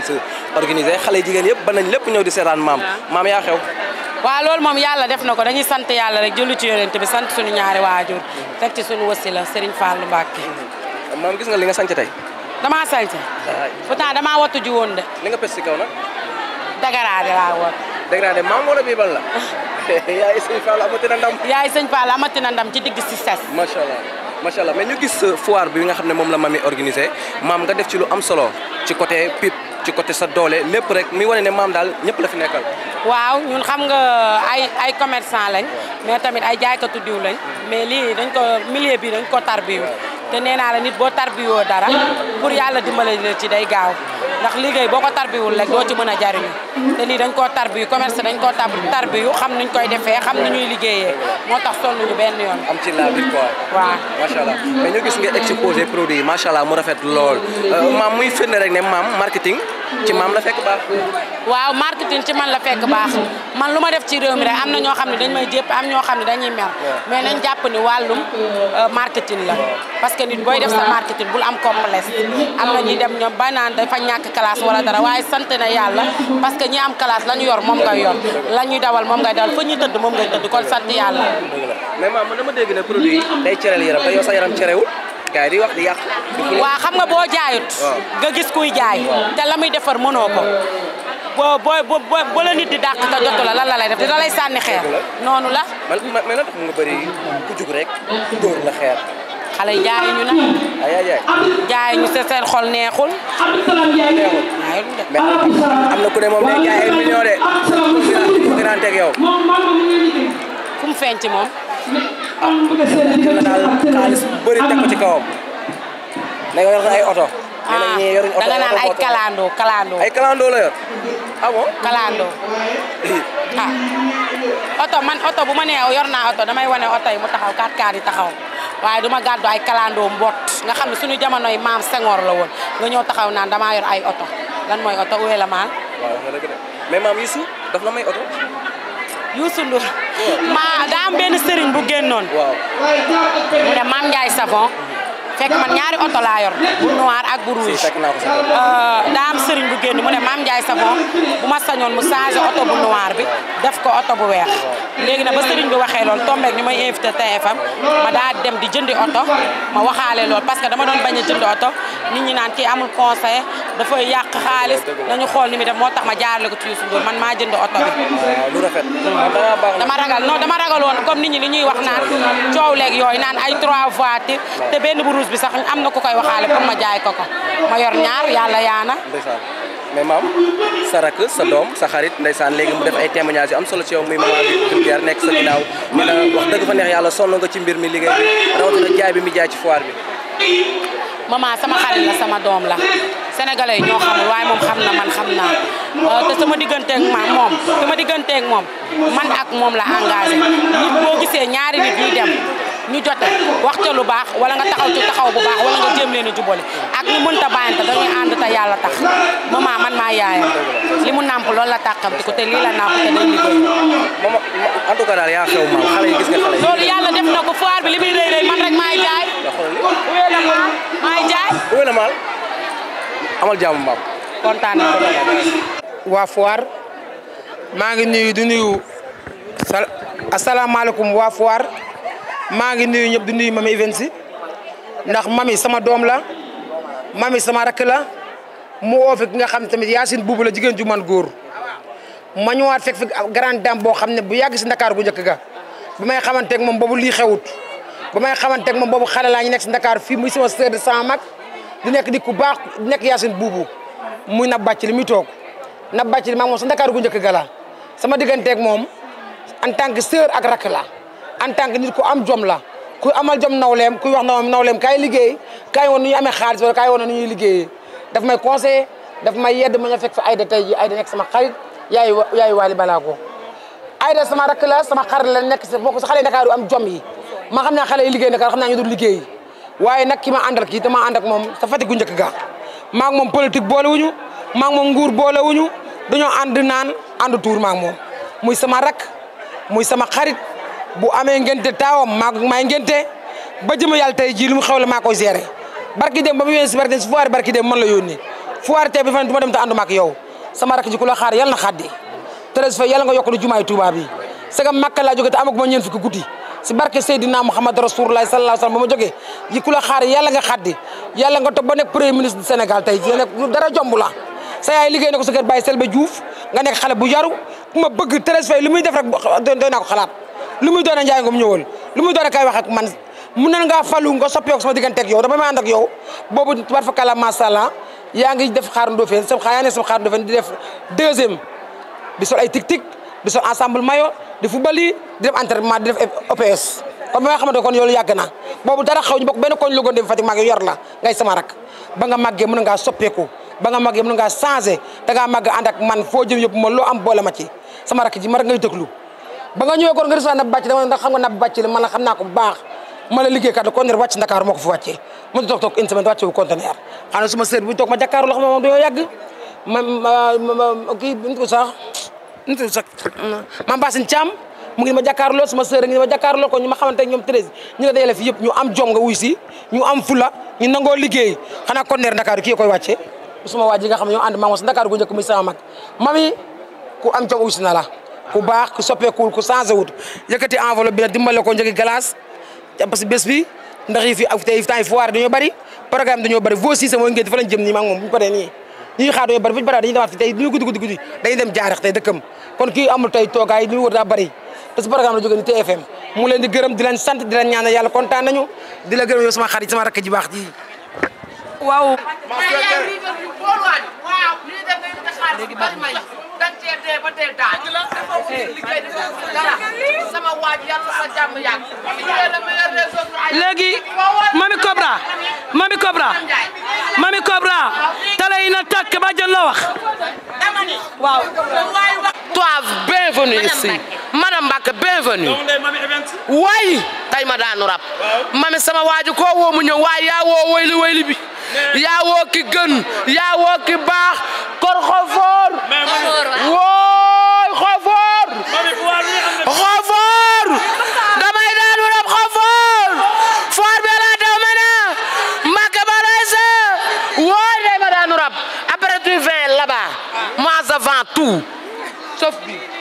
lañ si organisé xale jigéen yëpp ba nañ lépp ñëw di seetaan maam ah. maam yaa xew waaw loolu moom yàlla def na ko dañuy sant yàlla rek julli ci yonent bi sant suñu ñaari waajur teg ci suñu wasila Serigne Fallou Mbacké mm-hmm. maam gis nga li nga sant tey damaa sant pourtant damaa wattu ji woon de li nga pes si kaw na dagaraade laa woon dagaraade maam wala bii ban la yaay sëñ Fall a na ndam yaay sëñ Fall amati na ndam ci digg si ses macha ma macha allah mais ñu gis euh, foire bi nga xam ne moom la mami organisé maam nga def ci lu am solo ci côté sa doole lépp rek muy wane ne maam daal ñëpp la fi nekkal. waaw ñun xam nga ay ay commerçant lañ mais tamit ay jaaykatu diw lañ mais lii dañ ko milieu bi dañ ko tarbiyu te nee naa la nit boo tarbiyoo dara pour yàlla dimbale la ci day gaaw. ndax liggéey boo ko tarbiwul rek doo ci mën a jariñu te lii dañ koo tarbiyu commerce dañ koo tarbiyu xam nuñ koy defee xam nuñuy liggéeyee moo tax sonnuñu benn yoon am ci la victoire waaw macha allah mais ñu gis nga exposé produit yi macha allah mu rafet lool euh, maam muy firnde rek ne maam marketing ci maam la fekk baax. waaw marketing ci man la fekk baax man lu ma def ci réew mi rek am na ñoo xam ne dañ may jépp am ñoo xam ne dañuy mer mais nañ jàpp ni wàllum euh, marketing la parce que nit booy def sa marketing bul am complexe am na ñuy dem ñoom ba dafa ñàkk classe wala dara waaye sant na yàlla parce que ñi am classe la ñu yor moom ngay yor la dawal moom ngay dawal fa ñuy tëdd moom ngay tëdd kon sant yàlla. mais maam dama dégg ne produit day cereel yaram te yow sa yaram cerewul. gars yi di wax di yàq. waaw xam nga boo jaayut. nga gis kuy jaay. te la muy defar mënoo ko. boo boo boo la nit di dàq te jotu la la lay def dina lay sànni xeer. noonu la. man man man mu nga bëri ku jug rek dóor la xeer. xale yi jaay ñu nag. jaay jaay. ñu seen xol neexul. neexul. mais am na ku ne moom day jaay ay millions de. ku gën a teg yow. ku mu feeñ ci moom. ah xaalis bëri teg ko ci kawam. da ay oto. ah da nga naan ay kalandoo kalandoo. ay kalandoo la yor. ah bon ah. oto man oto bu ma nee yor naa oto damay wane oto yi mu taxaw kaat kaat yi taxaw waaye duma gàddu ay kalandoo mbot nga xam ne suñu jamonoy maam sengoor la woon nga ñëw taxaw naan damaa yor ay oto lan mooy oto uwe la maal. waaw maam Youssou daf la may oto. Youssou Ndour ma benn sëriñ bu génnoon. waaw mu ne Savon. fekk man ñaari oto laa bu noir ak bu rouge euh, daa am sëriñ bu génn mu ne Mame Ndiaye Savon bu ma sañoon mu changé oto bu noir bi def ko oto bu weex. léegi nag ba sëriñ bi waxee lool tombeek ñu may invité TFM ma daa dem di jëndi oto ma waxaale lool parce que dama doon bañ a jënd oto nit ñi naan kii amul conseil dafay yàq xaalis nañu xool ni mi def moo tax ma jaarale ko ci Youssou Ndour man maa jënd oto bi lu rafet dama ragal non dama ragaloon woon comme nit ñi li ñuy wax naan coow leeg yooyu naan ay trois voitures te benn bu rouge bi sax am na ku koy waxaale pour ma jaay ko ko ma yor ñaar yàlla yaana mais maam sa rakk sa doom sa xarit saan léegi mu def ay témoignages yu am solo ci yow muy maman bi Guère nekk sa ginnaaw ñu ne wax dëgg fa neex yàlla solo nga ci mbir mi liggéey bi rawatina jaay bi mi jaay ci foire bi. maman sama xarit la sama doom la sénégalais ñoo xamul waaye moom xam na man xam naa euh, sama digganteeg ma moom sama digganteeg moom man ak moom la engagé nit boo gisee ñaari nit ñuy dem. ñu jote waxte lu baax wala nga taxaw ci taxaw bu baax wala nga jéem leen a jubale ak ñu mënta bàyyante dañuy ànd yàlla tax maman man maa yaayam li mu nàmp loolu la tàqamti ko te lii la nàmp te day liggéey moom en tout cas daal yaa xew maam xale yi gis nga xale yi loolu yàlla def na ko foire bi li muy rëy rëy man rek maay jaay uwee la maal maay jaay uwee la maal amal jaamu maam kontaan na waa maa ngi nuyu du nuyu asalaamaaleykum waa foire maa ngi nuyu ñëpp di nuyu mami Evens ndax mami sama doom la mami sama rakk la mu oo fi ki nga xam ne tamit Yacine Boubou la jigéen ju man góor ma ñëwaat fekk fi grande dame boo xam ne bu yàgg si Ndakaaru bu njëkk ga ba may xamanteeg moom boobu lii xewut ba may xamanteeg moom boobu xale laa ñu nekk si Ndakaaru fii muy sama sœur de sama mag di nekk di ku baax di nekk Yacine Boubou muy na bàcc li muy na bàcc li maa moom sa Ndakaaru bu njëkk ga la sama digganteeg moom en tant que sœur ak rakk en tant que nit ku am jom la ku amal jom nawleem kuy wax na nawleem kaay liggéey kaay woon nu ñu amee xaalis wala kaay woon nu ñuy liggéeyee daf may conseillé daf may yedd ma ñu fekk fa Aïda tey sama xarit yaay yaay waali balaa ko Aïda sama rakk la sama xarit la nekk si bokk si xale Ndakaaru am jom yi ma xam naa xale yi liggéey Ndakaaru xam naa ñu dul liggéey waaye nag ki ma àndal kii dama ànd ak moom sa Fatick gu njëkk maa moom politique boole wuñu maa moom nguur boole wuñu dañoo ànd naan ànd tuur maa moom muy sama rakk muy sama xarit bu amee ngente taawam maa maay ngente ba jëm yàlla tey jii lu mu xew la maa koy gérer barki dem ba mu yónnee si barki dem si foire barki yónnee foire tey ma dem te ànduma ak yow sama rak ji ku la xaar yàlla na xaddi Thérèse Faye yàlla nga yokk lu jumaay Touba bi saga Makka laa jógee te amaguma ñeent fukki guddi si barke Seydina Muhammad Rasulullah sallallahu alayhi wa sallam ba ma jógee yi ku yàlla nga xaddi yàlla nga toog ba nekk premier ministre du Sénégal dara jomb la sa yaay liggéey ne ko sa kër Baye Selbe Diouf nga nekk xale bu yaru ku bëgg Thérèse Faye li muy def rek doy naa ko xalaat lu muy doon a Ndiaye Ngom ñëwal lu muy doon a kay wax ak man mun nan ngaa falu nga soppeeku sama diggante ak yow dama ànd ak yow boobu war fa kala macha yaa ngi def xaaru Ndofène sa xaa yaa ne sama xaaru di def deuxième di sol ay tik-tik di sol ensemble mayo di football yi di def entraînement di def OPS kon ma nga xamante kon yoolu yàgg na boobu dara xaw ñu bokk benn koñ Louga Ndéb fa maa ngi yor la ngay sama rak ba nga màggee mën ngaa soppeeku ba nga màggee mën ngaa changé da ngaa màgg ànd ak man foo jëm yëpp ma loo am boole ma ci sama rak ji ma ngay déglu ba nga ñëwee kon nga risa nabi bàcc dama ndax xam nga nabi bàcc la man la xam naa ko bu baax ma la liggéey kat conteneur wàcc Dakar moo ko fi mu toog toog une semaine wàcce ma jàkkaaru la xam ne moom dañoo yàgg ma ma kii sax ntu sax mam Bassine mu ngi ma jàkkaaru lool suma ma jàkkaaru lool ko ñu ma xamante ñoom Thérèse ñu la dajale fi yëpp ñu am jom nga wuy si ñu am fula ñu nangoo liggéey xanaa conteneur Dakar kii koy wàcce ma waa yi nga xam ne ñoo ànd maa moom sa Dakar gu njëkk muy sama mag mami ku am jom wuy si na la ku baax ku soppeekuwul ku changé wut yëkkati enveloppe bi nag dimbale ko njëgi glace parce que bés bi ndax yi fi ak tey temps yi foire dañoo bëri programme dañoo bëri voo Cissé mooy ngeen fa lañ jëm moom bu ñu nii ñuy xaar dañoo bëri bu ñu paree dañuy demaat fi tey duñu guddi guddi guddi dañuy dem jaarax tey dëkkam kon kii amul tey toogaay li ñu war daa bëri te si programme la jógee ni TFM mu leen di gërëm di leen sant di leen ñaanal yàlla kontaan nañu di la gërëm yow sama xarit sama rakk ji baax ji waaw léegi mami Cobra mami Cobra mami Cobra tala na tàkk ba jël la wax waaw. toi bienvenue ici madame Mbacke bienvenue waay tay ma daanu rab mami sama waaju ko woo mu ñëw waay yaa woo wayli wayli bi yaa woo ki gën yaa woo ki baax korxofoor woo écrivain là-bas. Moi, avant tout. Sauf lui.